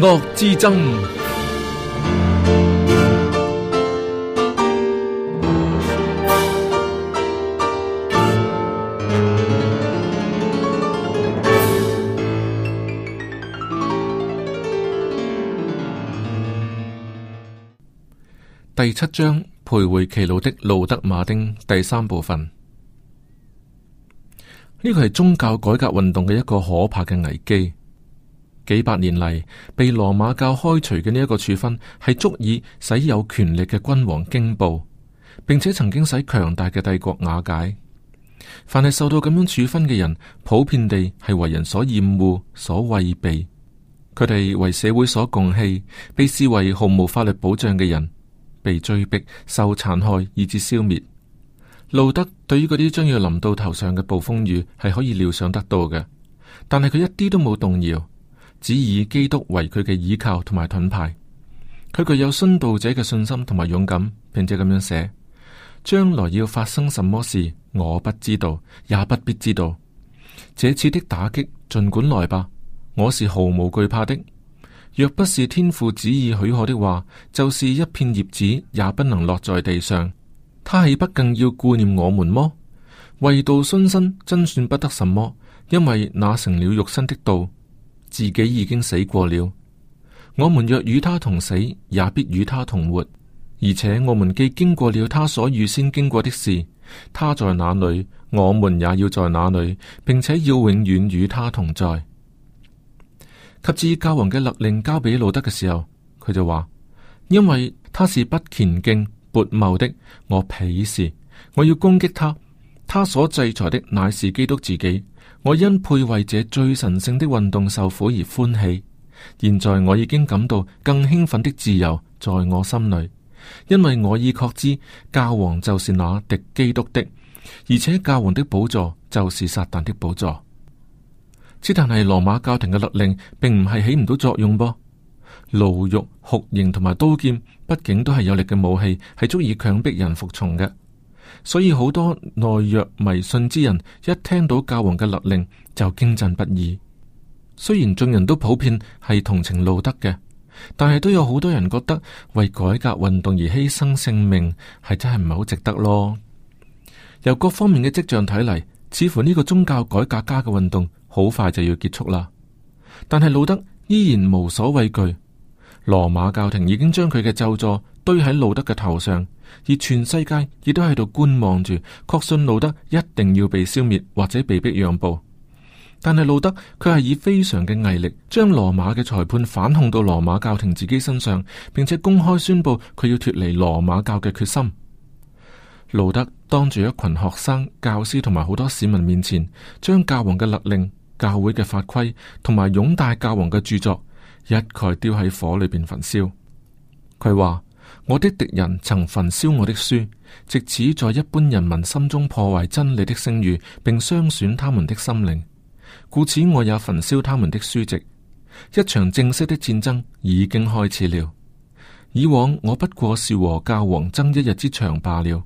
惡之爭。第七章徘徊歧路的路德馬丁第三部分。呢個係宗教改革運動嘅一個可怕嘅危機。幾百年嚟被羅馬教開除嘅呢一個處分，係足以使有權力嘅君王驚怖，並且曾經使強大嘅帝國瓦解。凡係受到咁樣處分嘅人，普遍地係為人所厭惡、所畏避。佢哋為社會所共棄，被視為毫無法律保障嘅人，被追逼、受殘害以，以至消滅。路德對於嗰啲將要臨到頭上嘅暴風雨，係可以料想得到嘅，但係佢一啲都冇動搖。只以基督為佢嘅倚靠同埋盾牌，佢具有殉道者嘅信心同埋勇敢，並且咁樣寫：將來要發生什麼事，我不知道，也不必知道。這次的打擊，儘管來吧，我是毫無懼怕的。若不是天父旨意許可的話，就是一片葉子也不能落在地上。他豈不更要顧念我們麼？為道殉身，真算不得什麼，因為那成了肉身的道。自己已經死過了，我們若與他同死，也必與他同活；而且我們既經過了他所預先經過的事，他在哪裏，我們也要在哪裏，並且要永遠與他同在。及至教王嘅勒令交俾路德嘅時候，佢就話：因為他是不虔敬、勃謬的，我鄙視，我要攻擊他。他所制裁的乃是基督自己。我因配為這最神聖的運動受苦而歡喜，現在我已經感到更興奮的自由在我心裏，因為我已確知教皇就是那敵基督的，而且教皇的寶座就是撒旦的寶座。只但係羅馬教廷嘅律令並唔係起唔到作用噃。牢獄、酷刑同埋刀劍，畢竟都係有力嘅武器，係足以強迫人服從嘅。所以好多懦弱迷信之人，一聽到教皇嘅勒令就驚震不已。雖然眾人都普遍係同情路德嘅，但係都有好多人覺得為改革運動而犧牲性命係真係唔係好值得咯。由各方面嘅跡象睇嚟，似乎呢個宗教改革家嘅運動好快就要結束啦。但係路德依然無所畏懼。羅馬教廷已經將佢嘅咒助。堆喺路德嘅頭上，而全世界亦都喺度觀望住，確信路德一定要被消滅或者被逼讓步。但係路德佢係以非常嘅毅力，將羅馬嘅裁判反控到羅馬教廷自己身上，並且公開宣佈佢要脫離羅馬教嘅決心。路德當住一群學生、教師同埋好多市民面前，將教皇嘅勒令、教會嘅法規同埋擁戴教皇嘅著作一概丟喺火裏邊焚燒。佢話。我的敵人曾焚燒我的書，藉此在一般人民心中破壞真理的聲譽，並傷損他們的心靈，故此我也焚燒他們的書籍。一場正式的戰爭已經開始了。以往我不過是和教皇爭一日之長罷了，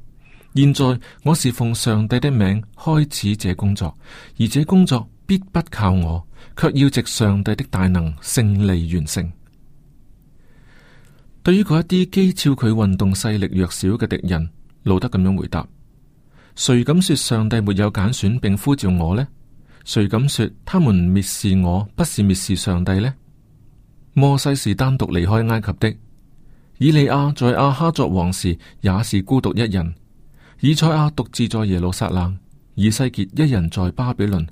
現在我是奉上帝的名開始這工作，而這工作必不靠我，卻要藉上帝的大能勝利完成。對於嗰一啲譏笑佢運動勢力弱小嘅敵人，路德咁樣回答：誰敢說上帝沒有揀選並呼召我呢？誰敢說他們蔑視我不是蔑視上帝呢？摩西是單獨離開埃及的，以利亞在亞哈作王時也是孤獨一人，以賽亞獨自在耶路撒冷，以西結一人在巴比倫。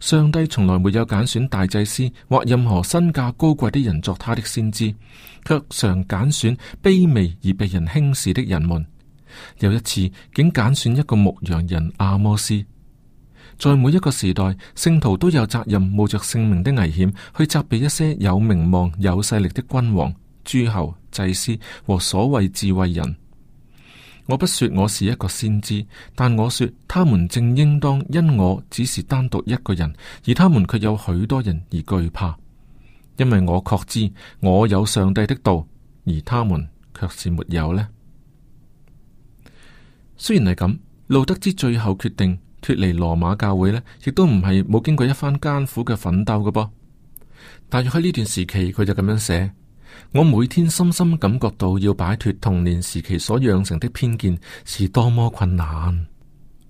上帝從來沒有揀選大祭司或任何身價高貴的人作他的先知，卻常揀選卑微而被人輕視的人們。有一次，竟揀選一個牧羊人阿摩斯。在每一個時代，聖徒都有責任冒着性命的危險去責備一些有名望、有勢力的君王、諸侯、祭司和所謂智慧人。我不說我是一個先知，但我說「他們正應當因我只是單獨一個人，而他們卻有許多人而懼怕，因為我確知我有上帝的道，而他們卻是沒有呢。」雖然係咁，路德之最後決定脫離羅馬教會呢，亦都唔係冇經過一番艱苦嘅奮鬥嘅噃。大約喺呢段時期，佢就咁樣寫。我每天深深感覺到要擺脫童年時期所養成的偏見是多麼困難。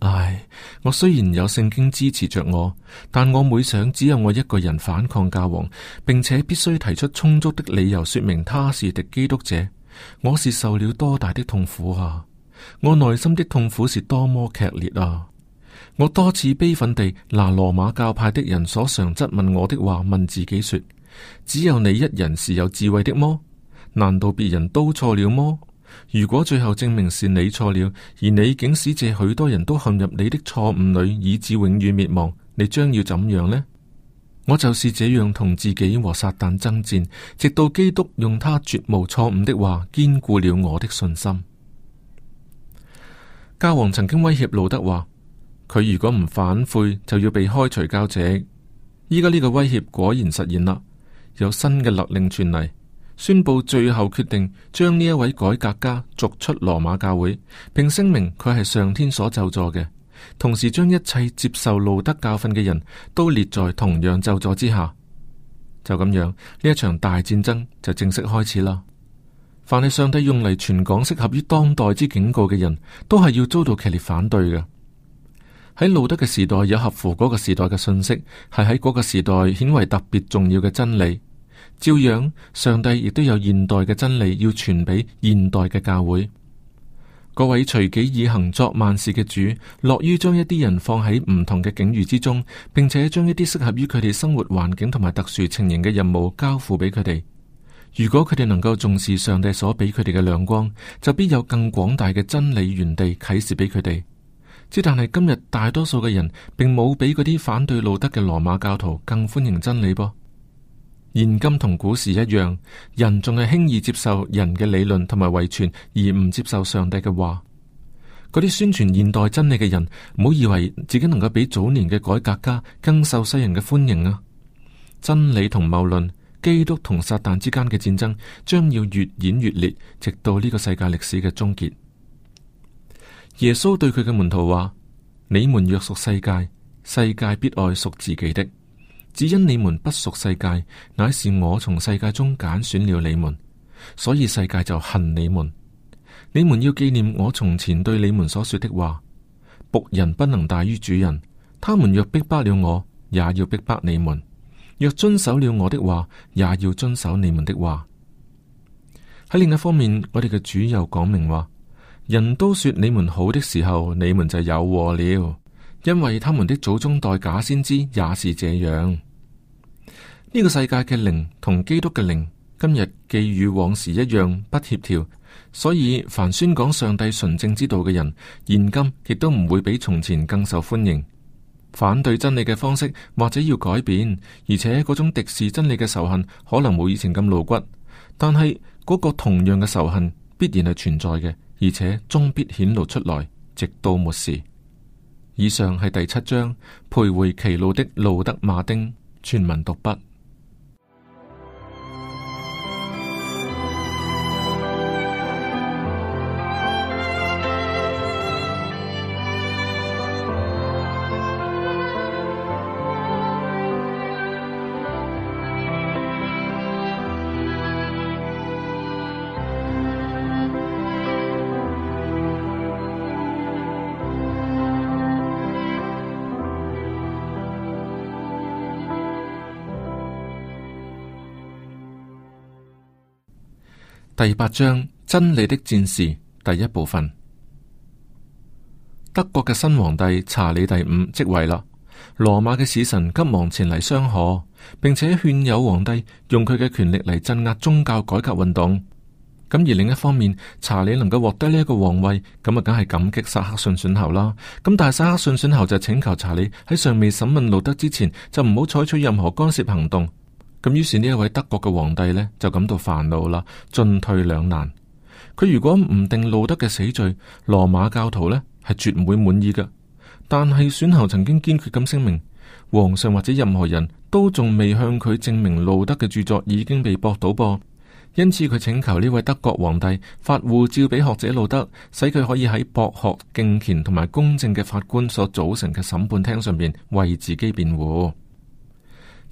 唉，我雖然有聖經支持着我，但我每想只有我一個人反抗教皇，並且必須提出充足的理由說明他是敵基督者。我是受了多大的痛苦啊！我內心的痛苦是多麼劇烈啊！我多次悲憤地拿羅馬教派的人所常質問我的話問自己說。只有你一人是有智慧的麼？難道別人都錯了麼？如果最後證明是你錯了，而你竟使這許多人都陷入你的錯誤裏，以致永遠滅亡，你將要怎樣呢？我就是這樣同自己和撒旦爭戰，直到基督用他絕無錯誤的話堅固了我的信心。教皇曾經威脅路德話，佢如果唔反悔，就要被開除教籍。依家呢個威脅果然實現啦。有新嘅勒令傳嚟，宣布最後決定，將呢一位改革家逐出羅馬教會，並聲明佢係上天所咒詛嘅，同時將一切接受路德教訓嘅人都列在同樣咒詛之下。就咁樣，呢一場大戰爭就正式開始啦。凡係上帝用嚟傳講適合於當代之警告嘅人，都係要遭到劇烈反對嘅。喺路德嘅時代，有合乎嗰個時代嘅信息，係喺嗰個時代顯為特別重要嘅真理。照樣，上帝亦都有現代嘅真理要傳俾現代嘅教會。各位隨己以行作萬事嘅主，樂於將一啲人放喺唔同嘅境遇之中，並且將一啲適合於佢哋生活環境同埋特殊情形嘅任務交付俾佢哋。如果佢哋能夠重視上帝所俾佢哋嘅亮光，就必有更廣大嘅真理原地啟示俾佢哋。只但係今日大多數嘅人，並冇比嗰啲反對路德嘅羅馬教徒更歡迎真理啊。噃。現今同古時一樣，人仲係輕易接受人嘅理論同埋遺傳，而唔接受上帝嘅話。嗰啲宣傳現代真理嘅人，唔好以為自己能夠比早年嘅改革家更受世人嘅歡迎啊！真理同謬論，基督同撒旦之間嘅戰爭，將要越演越烈，直到呢個世界歷史嘅終結。耶穌對佢嘅門徒話：你們若屬世界，世界必愛屬自己的；只因你們不屬世界，乃是我從世界中揀選了你們，所以世界就恨你們。你們要紀念我從前對你們所說的話：僕人不能大於主人。他們若逼迫了我，也要逼迫你們；若遵守了我的話，也要遵守你們的話。喺另一方面，我哋嘅主又講明話。人都說你們好的時候，你們就有禍了，因為他們的祖宗待假先知也是這樣。呢個世界嘅靈同基督嘅靈今日既與往時一樣不協調，所以凡宣講上帝純正之道嘅人，現今亦都唔會比從前更受歡迎。反對真理嘅方式或者要改變，而且嗰種敵視真理嘅仇恨可能冇以前咁露骨，但係嗰個同樣嘅仇恨必然係存在嘅。而且終必顯露出來，直到末時。以上係第七章，徘徊歧路的路德·馬丁，全文讀畢。第八章，真理的戰士，第一部分，德國嘅新皇帝查理第五即位啦，羅馬嘅使臣急忙前嚟相賀，並且勸誘皇帝用佢嘅權力嚟鎮壓宗教改革運動。咁而另一方面，查理能夠獲得呢一個皇位，咁啊梗係感激薩克遜選侯啦。咁但係薩克遜選侯就請求查理喺尚未審問路德之前，就唔好採取任何干涉行動。咁於是呢一位德國嘅皇帝呢，就感到煩惱啦，進退兩難。佢如果唔定路德嘅死罪，羅馬教徒呢係絕唔會滿意嘅。但係選侯曾經堅決咁聲明，皇上或者任何人都仲未向佢證明路德嘅著作已經被駁倒噃。因此佢請求呢位德國皇帝發護照俾學者路德，使佢可以喺博學、敬虔同埋公正嘅法官所組成嘅審判廳上邊為自己辯護。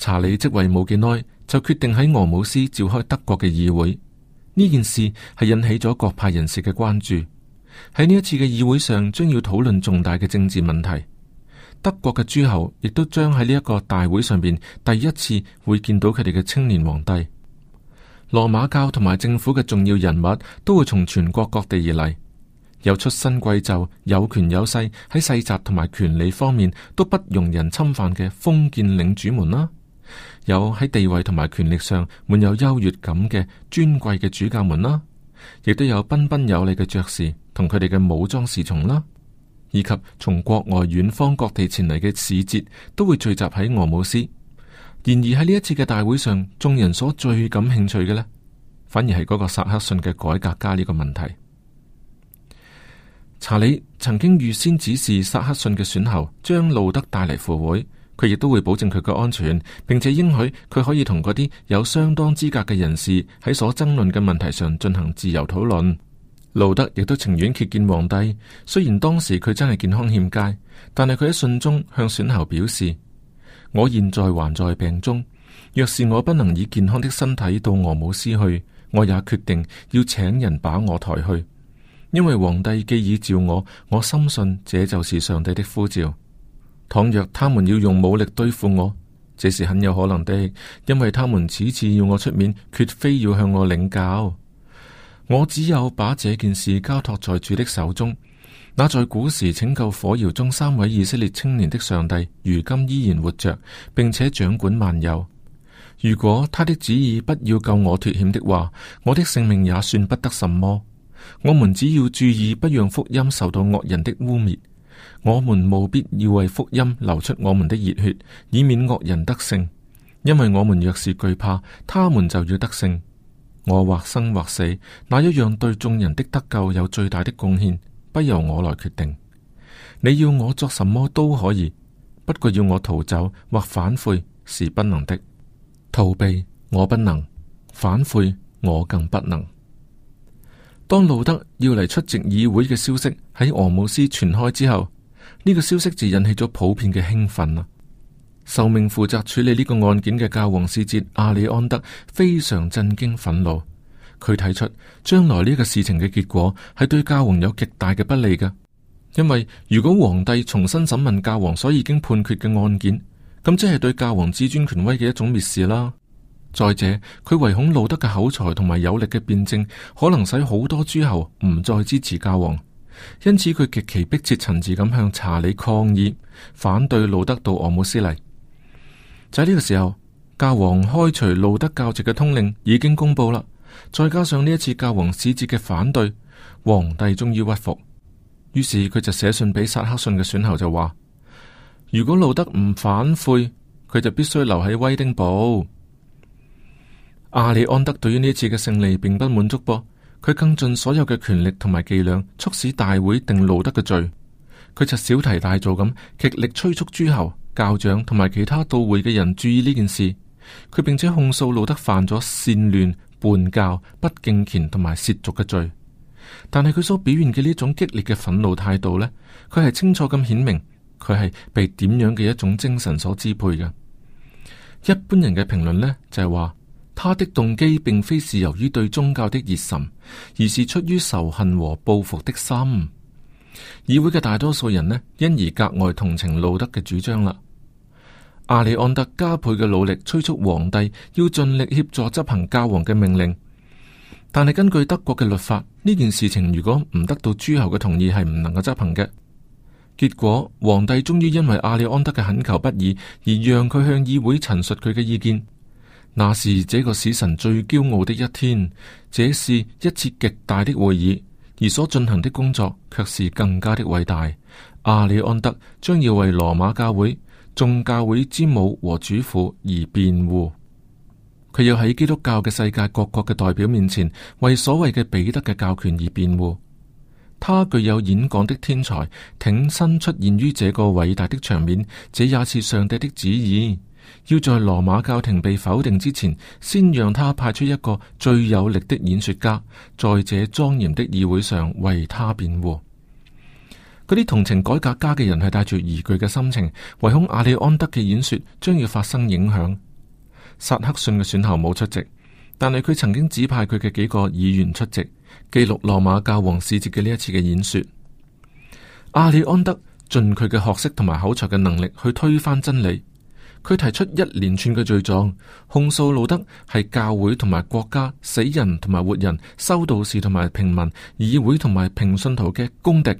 查理即位冇幾耐，就決定喺俄姆斯召開德國嘅議會。呢件事係引起咗各派人士嘅關注。喺呢一次嘅議會上，將要討論重大嘅政治問題。德國嘅諸侯亦都將喺呢一個大會上邊第一次會見到佢哋嘅青年皇帝。羅馬教同埋政府嘅重要人物都會從全國各地而嚟，有出身貴胄、有權有勢喺世襲同埋權利方面都不容人侵犯嘅封建領主們啦。有喺地位同埋權力上滿有優越感嘅尊貴嘅主教們啦，亦都有彬彬有禮嘅爵士同佢哋嘅武裝侍從啦，以及從國外遠方各地前嚟嘅使節都會聚集喺俄姆斯。然而喺呢一次嘅大會上，眾人所最感興趣嘅咧，反而係嗰個薩克遜嘅改革家呢個問題。查理曾經預先指示薩克遜嘅選侯將路德帶嚟赴會。佢亦都會保證佢嘅安全，並且應許佢可以同嗰啲有相當資格嘅人士喺所爭論嘅問題上進行自由討論。路德亦都情願謁見皇帝，雖然當時佢真係健康欠佳，但係佢喺信中向選侯表示：我現在還在病中，若是我不能以健康的身體到俄姆斯去，我也決定要請人把我抬去，因為皇帝既已召我，我深信這就是上帝的呼召。倘若他們要用武力對付我，這是很有可能的，因為他們此次要我出面，絕非要向我領教。我只有把這件事交託在主的手中。那在古時拯救火窯中三位以色列青年的上帝，如今依然活着，並且掌管萬有。如果他的旨意不要救我脱險的話，我的性命也算不得什麼。我們只要注意，不讓福音受到惡人的污蔑。我們務必要為福音流出我們的熱血，以免惡人得勝。因為我們若是懼怕，他們就要得勝。我或生或死，那一樣對眾人的得救有最大的貢獻，不由我來決定。你要我做什麼都可以，不過要我逃走或反悔是不能的。逃避我不能，反悔我更不能。當路德要嚟出席議會嘅消息喺俄姆斯傳開之後。呢個消息就引起咗普遍嘅興奮啊！受命負責處理呢個案件嘅教皇使節阿里安德非常震驚憤怒，佢提出將來呢個事情嘅結果係對教皇有極大嘅不利㗎，因為如果皇帝重新審問教皇所已經判決嘅案件，咁即係對教皇至尊權威嘅一種蔑視啦。再者，佢唯恐路德嘅口才同埋有力嘅辯證，可能使好多諸侯唔再支持教皇。因此佢極其迫切、陳詞咁向查理抗議，反對路德到俄姆斯嚟。就喺呢個時候，教皇開除路德教籍嘅通令已經公布啦。再加上呢一次教皇使節嘅反對，皇帝終於屈服。於是佢就寫信俾薩克遜嘅選侯就話：如果路德唔反悔，佢就必須留喺威丁堡。阿里安德對於呢一次嘅勝利並不滿足噃。佢更盡所有嘅權力同埋伎倆，促使大會定路德嘅罪。佢就小題大做咁，極力催促諸侯、教長同埋其他到會嘅人注意呢件事。佢並且控訴路德犯咗煽亂、叛教、不敬虔同埋褻瀆嘅罪。但係佢所表現嘅呢種激烈嘅憤怒態度呢，佢係清楚咁顯明，佢係被點樣嘅一種精神所支配嘅。一般人嘅評論呢，就係、是、話。他的動機並非是由於對宗教的熱忱，而是出於仇恨和報復的心。議會嘅大多數人呢，因而格外同情路德嘅主張啦。阿里安德加倍嘅努力催促皇帝要盡力協助執行教皇嘅命令，但係根據德國嘅律法，呢件事情如果唔得到諸侯嘅同意係唔能夠執行嘅。結果，皇帝終於因為阿里安德嘅懇求不已，而讓佢向議會陳述佢嘅意見。那是這個使神最驕傲的一天，這是一次極大的會議，而所進行的工作卻是更加的偉大。阿里安德將要為羅馬教會、眾教會之母和主婦而辯護，佢要喺基督教嘅世界各國嘅代表面前為所謂嘅彼得嘅教權而辯護。他具有演講的天才，挺身出現於這個偉大的場面，這也是上帝的旨意。要在羅馬教廷被否定之前，先讓他派出一個最有力的演說家，在這莊嚴的議會上為他辯護。嗰啲同情改革家嘅人係帶住疑懼嘅心情，唯恐阿里安德嘅演說將要發生影響。薩克遜嘅選候冇出席，但係佢曾經指派佢嘅幾個議員出席，記錄羅馬教皇使節嘅呢一次嘅演說。阿里安德盡佢嘅學識同埋口才嘅能力去推翻真理。佢提出一連串嘅罪狀，控訴路德係教會同埋國家、死人同埋活人、修道士同埋平民、議會同埋平信徒嘅公敵。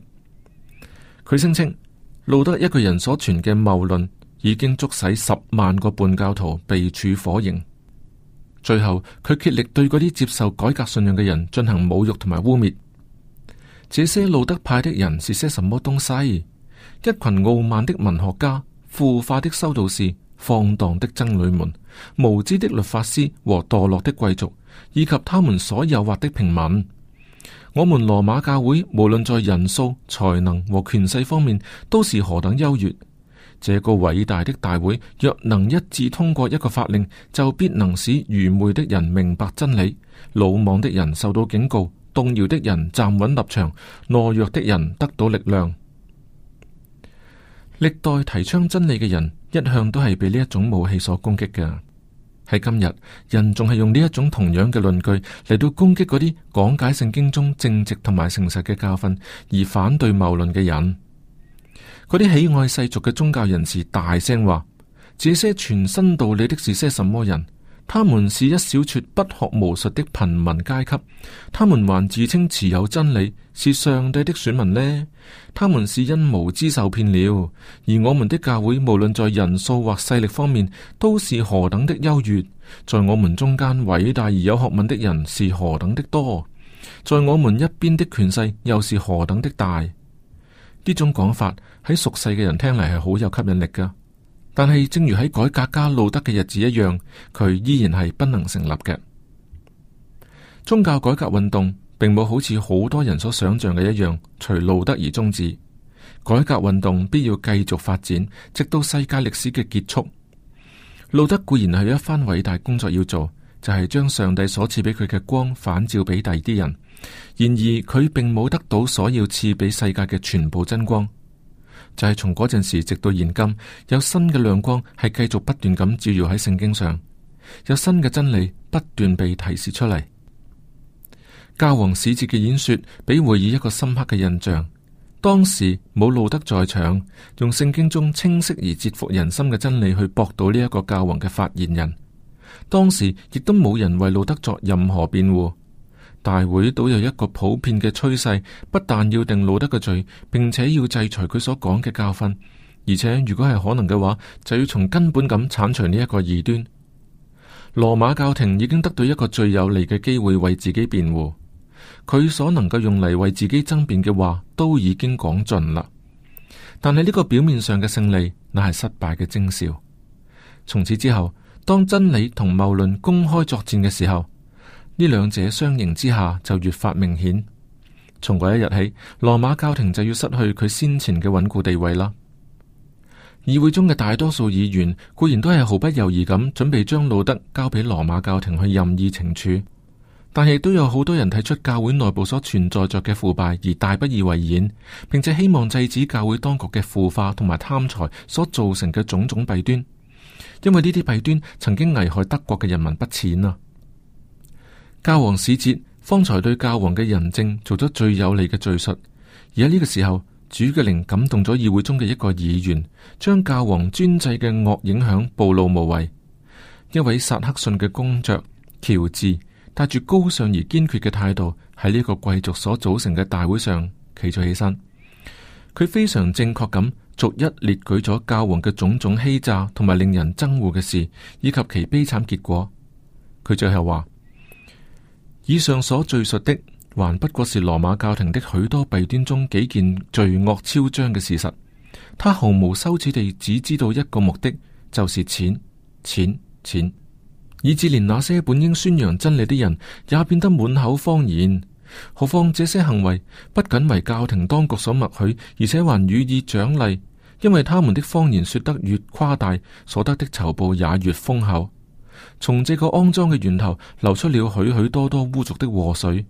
佢聲稱路德一個人所傳嘅謬論已經促使十萬個叛教徒被處火刑。最後，佢竭力對嗰啲接受改革信仰嘅人進行侮辱同埋污衊。這些路德派的人是些什麼東西？一群傲慢的文學家、腐化的修道士。放蕩的僧侶們、無知的律法師和墮落的貴族，以及他們所誘惑的平民，我們羅馬教會無論在人數、才能和權勢方面，都是何等優越！這個偉大的大會若能一致通過一個法令，就必能使愚昧的人明白真理，魯莽的人受到警告，動搖的人站穩立場，懦弱的人得到力量。歷代提倡真理嘅人，一向都係被呢一種武器所攻擊嘅。喺今日，人仲係用呢一種同樣嘅論據嚟到攻擊嗰啲講解聖經中正直同埋誠實嘅教訓而反對謬論嘅人。嗰啲喜愛世俗嘅宗教人士大聲話：「這些傳新道理的是些什麼人？他們是一小撮不學無術的貧民階級，他們還自稱持有真理，是上帝的選民呢。他們是因無知受騙了。而我們的教會無論在人數或勢力方面，都是何等的優越。在我們中間，偉大而有學問的人是何等的多。在我們一邊的權勢又是何等的大。呢種講法喺熟世嘅人聽嚟係好有吸引力噶。但係，正如喺改革家路德嘅日子一樣，佢依然係不能成立嘅。宗教改革運動並冇好似好多人所想象嘅一樣，隨路德而終止。改革運動必要繼續發展，直到世界歷史嘅結束。路德固然係有一番偉大工作要做，就係將上帝所賜俾佢嘅光反照俾第啲人。然而，佢並冇得到所要賜俾世界嘅全部真光。就係從嗰陣時直到現今，有新嘅亮光係繼續不斷咁照耀喺聖經上，有新嘅真理不斷被提示出嚟。教皇使節嘅演說俾會議一個深刻嘅印象，當時冇路德在場，用聖經中清晰而折服人心嘅真理去駁倒呢一個教皇嘅發言人，當時亦都冇人為路德作任何辯護。大會都有一個普遍嘅趨勢，不但要定路德嘅罪，並且要制裁佢所講嘅教訓，而且如果係可能嘅話，就要從根本咁鏟除呢一個異端。羅馬教廷已經得到一個最有利嘅機會為自己辯護，佢所能夠用嚟為自己爭辯嘅話都已經講盡啦。但係呢個表面上嘅勝利，乃係失敗嘅徵兆。從此之後，當真理同謬論公開作戰嘅時候。呢兩者相形之下，就越發明顯。從嗰一日起，羅馬教廷就要失去佢先前嘅穩固地位啦。議會中嘅大多數議員固然都係毫不猶豫咁準備將路德交俾羅馬教廷去任意懲處，但係都有好多人睇出教會內部所存在着嘅腐敗而大不以為然，並且希望制止教會當局嘅腐化同埋貪財所造成嘅種種弊端，因為呢啲弊端曾經危害德國嘅人民不淺啊。教皇使節方才對教皇嘅人證做咗最有利嘅敘述，而喺呢個時候，主嘅靈感動咗議會中嘅一個議員，將教皇專制嘅惡影響暴露無遺。一位薩克遜嘅公爵喬治帶住高尚而堅決嘅態度喺呢個貴族所組成嘅大會上企咗起身，佢非常正確咁逐一列舉咗教皇嘅種種欺詐同埋令人憎惡嘅事，以及其悲慘結果。佢最後話以上所敘述的，還不過是羅馬教廷的許多弊端中幾件罪惡囂張嘅事實。他毫無羞恥地只知道一個目的，就是錢、錢、錢，以至連那些本應宣揚真理的人，也變得滿口謊言。何況這些行為不僅為教廷當局所默許，而且還予以獎勵，因為他們的謊言說得越誇大，所得的酬報也越豐厚。從這個骯髒嘅源頭流出了許許多多污濁的禍水，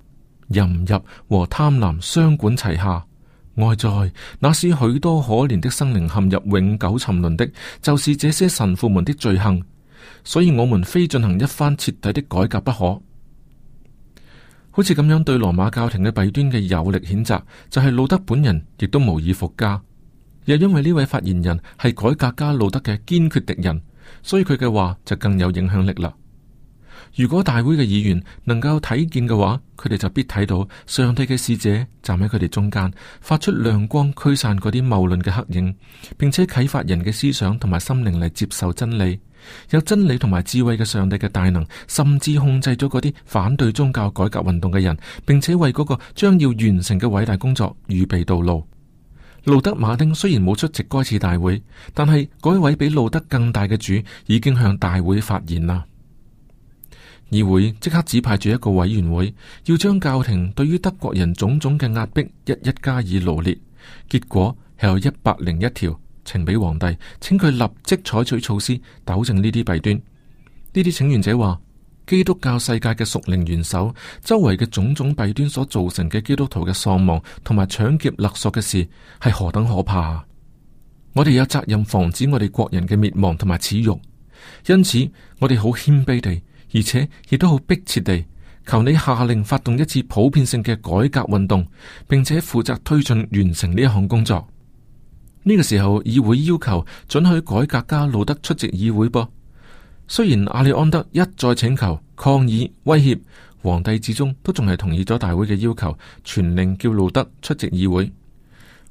淫入和貪婪雙管齊下，外在那是許多可憐的生靈陷入永久沉淪的，就是這些神父們的罪行。所以我們非進行一番徹底的改革不可。好似咁樣對羅馬教廷嘅弊端嘅有力譴責，就係、是、路德本人亦都無以復加。又因為呢位發言人係改革家路德嘅堅決敵人。所以佢嘅話就更有影響力啦。如果大會嘅議員能夠睇見嘅話，佢哋就必睇到上帝嘅使者站喺佢哋中間，發出亮光驅散嗰啲謬論嘅黑影，並且啟發人嘅思想同埋心靈嚟接受真理。有真理同埋智慧嘅上帝嘅大能，甚至控制咗嗰啲反對宗教改革運動嘅人，並且為嗰個將要完成嘅偉大工作預備道路。路德馬丁雖然冇出席該次大會，但係嗰一位比路德更大嘅主已經向大會發言啦。議會即刻指派住一個委員會，要將教廷對於德國人種種嘅壓迫一一加以羅列。結果係有一百零一條呈俾皇帝，請佢立即採取措施，糾正呢啲弊端。呢啲請願者話。基督教世界嘅屬靈元首周圍嘅種種弊端所造成嘅基督徒嘅喪亡同埋搶劫勒，勒索嘅事係何等可怕！我哋有責任防止我哋國人嘅滅亡同埋恥辱，因此我哋好謙卑地，而且亦都好迫切地求你下令發動一次普遍性嘅改革運動，並且負責推進完成呢一項工作。呢、呢個時候議會要求准許改革家路德出席議會噃。雖然阿里安德一再請求抗議、威脅，皇帝始終都仲係同意咗大會嘅要求，傳令叫路德出席議會。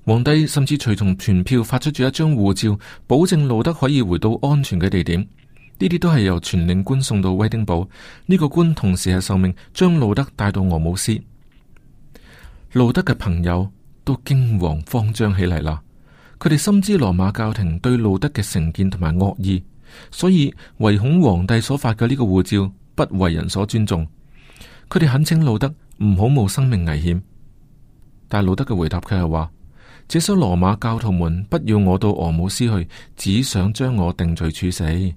皇帝甚至隨同傳票發出咗一張護照，保證路德可以回到安全嘅地點。呢啲都係由傳令官送到威丁堡。呢、呢個官同時係受命將路德帶到俄姆斯。路德嘅朋友都驚惶慌、慌張起嚟啦，佢哋深知羅馬教廷對路德嘅成見同埋惡意。所以唯恐皇帝所發嘅呢個護照不為人所尊重，佢哋懇請路德唔好冒生命危險。但路德嘅回答佢係話：這些羅馬教徒們不要我到俄姆斯去，只想將我定罪處死。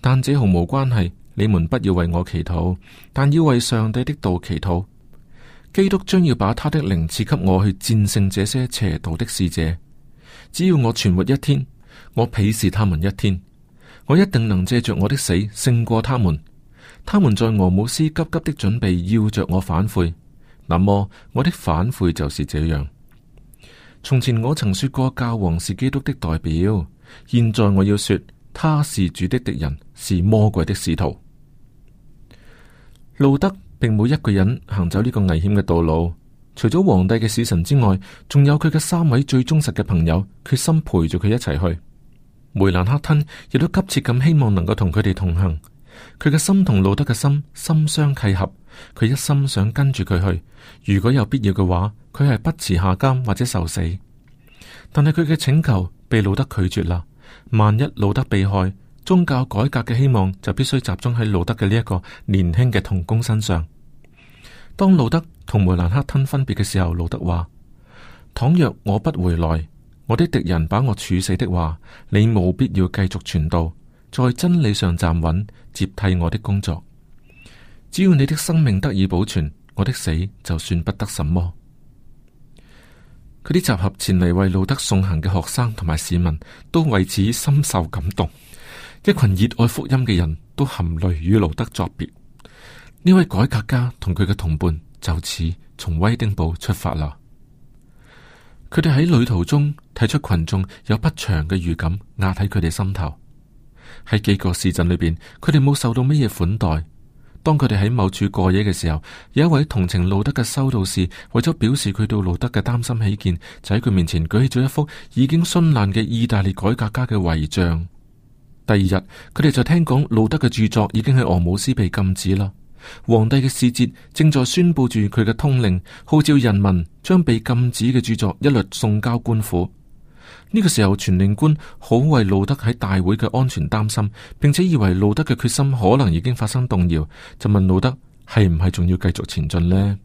但這毫無關係，你們不要為我祈禱，但要為上帝的道祈禱。基督將要把他的靈賜給我去戰勝這些邪道的使者。只要我存活一天，我鄙視他們一天。我一定能借着我的死勝過他們。他們在俄姆斯急急的準備要着我反悔。那麼我的反悔就是這樣。從前我曾說過教皇是基督的代表，現在我要說他是主的敵人，是魔鬼的使徒。路德並冇一個人行走呢個危險嘅道路，除咗皇帝嘅使臣之外，仲有佢嘅三位最忠實嘅朋友，決心陪住佢一齊去。梅蘭克吞亦都急切咁希望能夠同佢哋同行，佢嘅心同路德嘅心心相契合，佢一心想跟住佢去。如果有必要嘅話，佢係不辭下監或者受死。但係佢嘅請求被路德拒絕啦。萬一路德被害，宗教改革嘅希望就必須集中喺路德嘅呢一個年輕嘅同工身上。當路德同梅蘭克吞分別嘅時候，路德話：倘若我不回來。我的敵人把我處死的話，你冇必要繼續傳道，在真理上站穩，接替我的工作。只要你的生命得以保存，我的死就算不得什麼。佢啲集合前嚟為路德送行嘅學生同埋市民，都為此深受感動。一群熱愛福音嘅人都含淚與路德作別。呢位改革家同佢嘅同伴就此從威丁堡出發啦。佢哋喺旅途中睇出群眾有不祥嘅預感壓喺佢哋心頭。喺幾個市鎮裏邊，佢哋冇受到咩嘢款待。當佢哋喺某處過夜嘅時候，有一位同情路德嘅修道士為咗表示佢對路德嘅擔心起見，就喺佢面前舉起咗一幅已經殉難嘅意大利改革家嘅遺像。第二日，佢哋就聽講路德嘅著作已經喺俄姆斯被禁止啦。皇帝嘅使節正在宣布住佢嘅通令，號召人民將被禁止嘅著作一律送交官府。呢、這個時候，傳令官好為路德喺大會嘅安全擔心，並且以為路德嘅決心可能已經發生動搖，就問路德係唔係仲要繼續前進呢？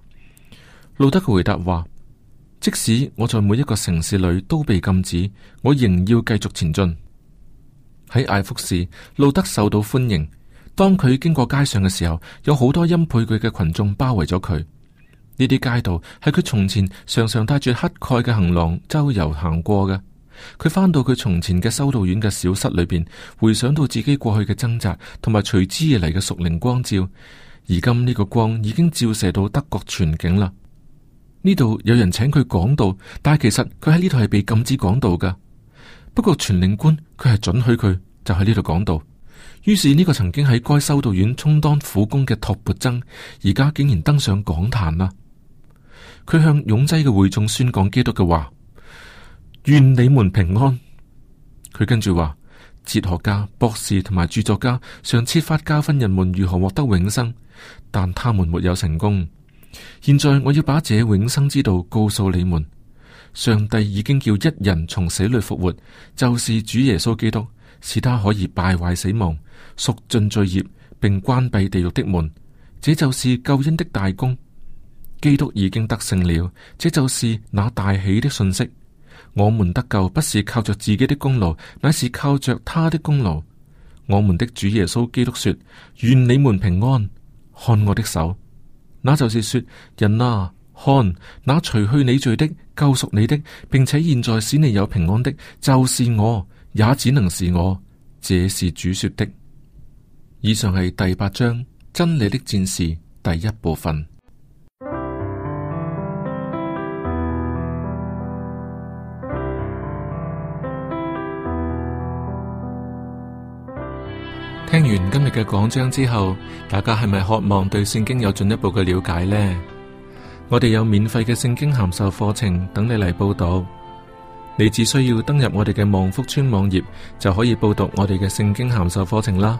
路德嘅回答話：即使我在每一個城市裏都被禁止，我仍要繼續前進。喺艾福士，路德受到歡迎。當佢經過街上嘅時候，有好多欽佩佢嘅群眾包圍咗佢。呢啲街道係佢從前常常帶住乞丐嘅行囊周遊行過嘅。佢翻到佢從前嘅修道院嘅小室裏邊，回想到自己過去嘅掙扎，同埋隨之而嚟嘅屬靈光照。而今呢個光已經照射到德國全境啦。呢度有人請佢講道，但係其實佢喺呢度係被禁止講道噶。不過傳令官佢係准許佢就喺呢度講道。於是呢、這個曾經喺該修道院充當苦工嘅托缽僧，而家竟然登上講壇啦！佢向擁擠嘅會眾宣講基督嘅話：，願你們平安！佢跟住話：，哲學家、博士同埋著作家，嘗試發教分人們如何獲得永生，但他們沒有成功。現在我要把這永生之道告訴你們。上帝已經叫一人從死裏復活，就是主耶穌基督，使他可以敗壞死亡。贖盡罪孽，並關閉地獄的門，這就是救恩的大功。基督已經得勝了，這就是那大喜的信息。我們得救不是靠着自己的功勞，乃是靠着他的功勞。我們的主耶穌基督說：願你們平安。看我的手，那就是說人啊，看那除去你罪的、救贖你的，並且現在使你有平安的，就是我也只能是我。這是主說的。以上係第八章真理的戰士第一部分。聽完今日嘅講章之後，大家係咪渴望對聖經有進一步嘅了解呢？我哋有免費嘅聖經函授課程等你嚟報讀。你只需要登入我哋嘅望福村網頁，就可以報讀我哋嘅聖經函授課程啦。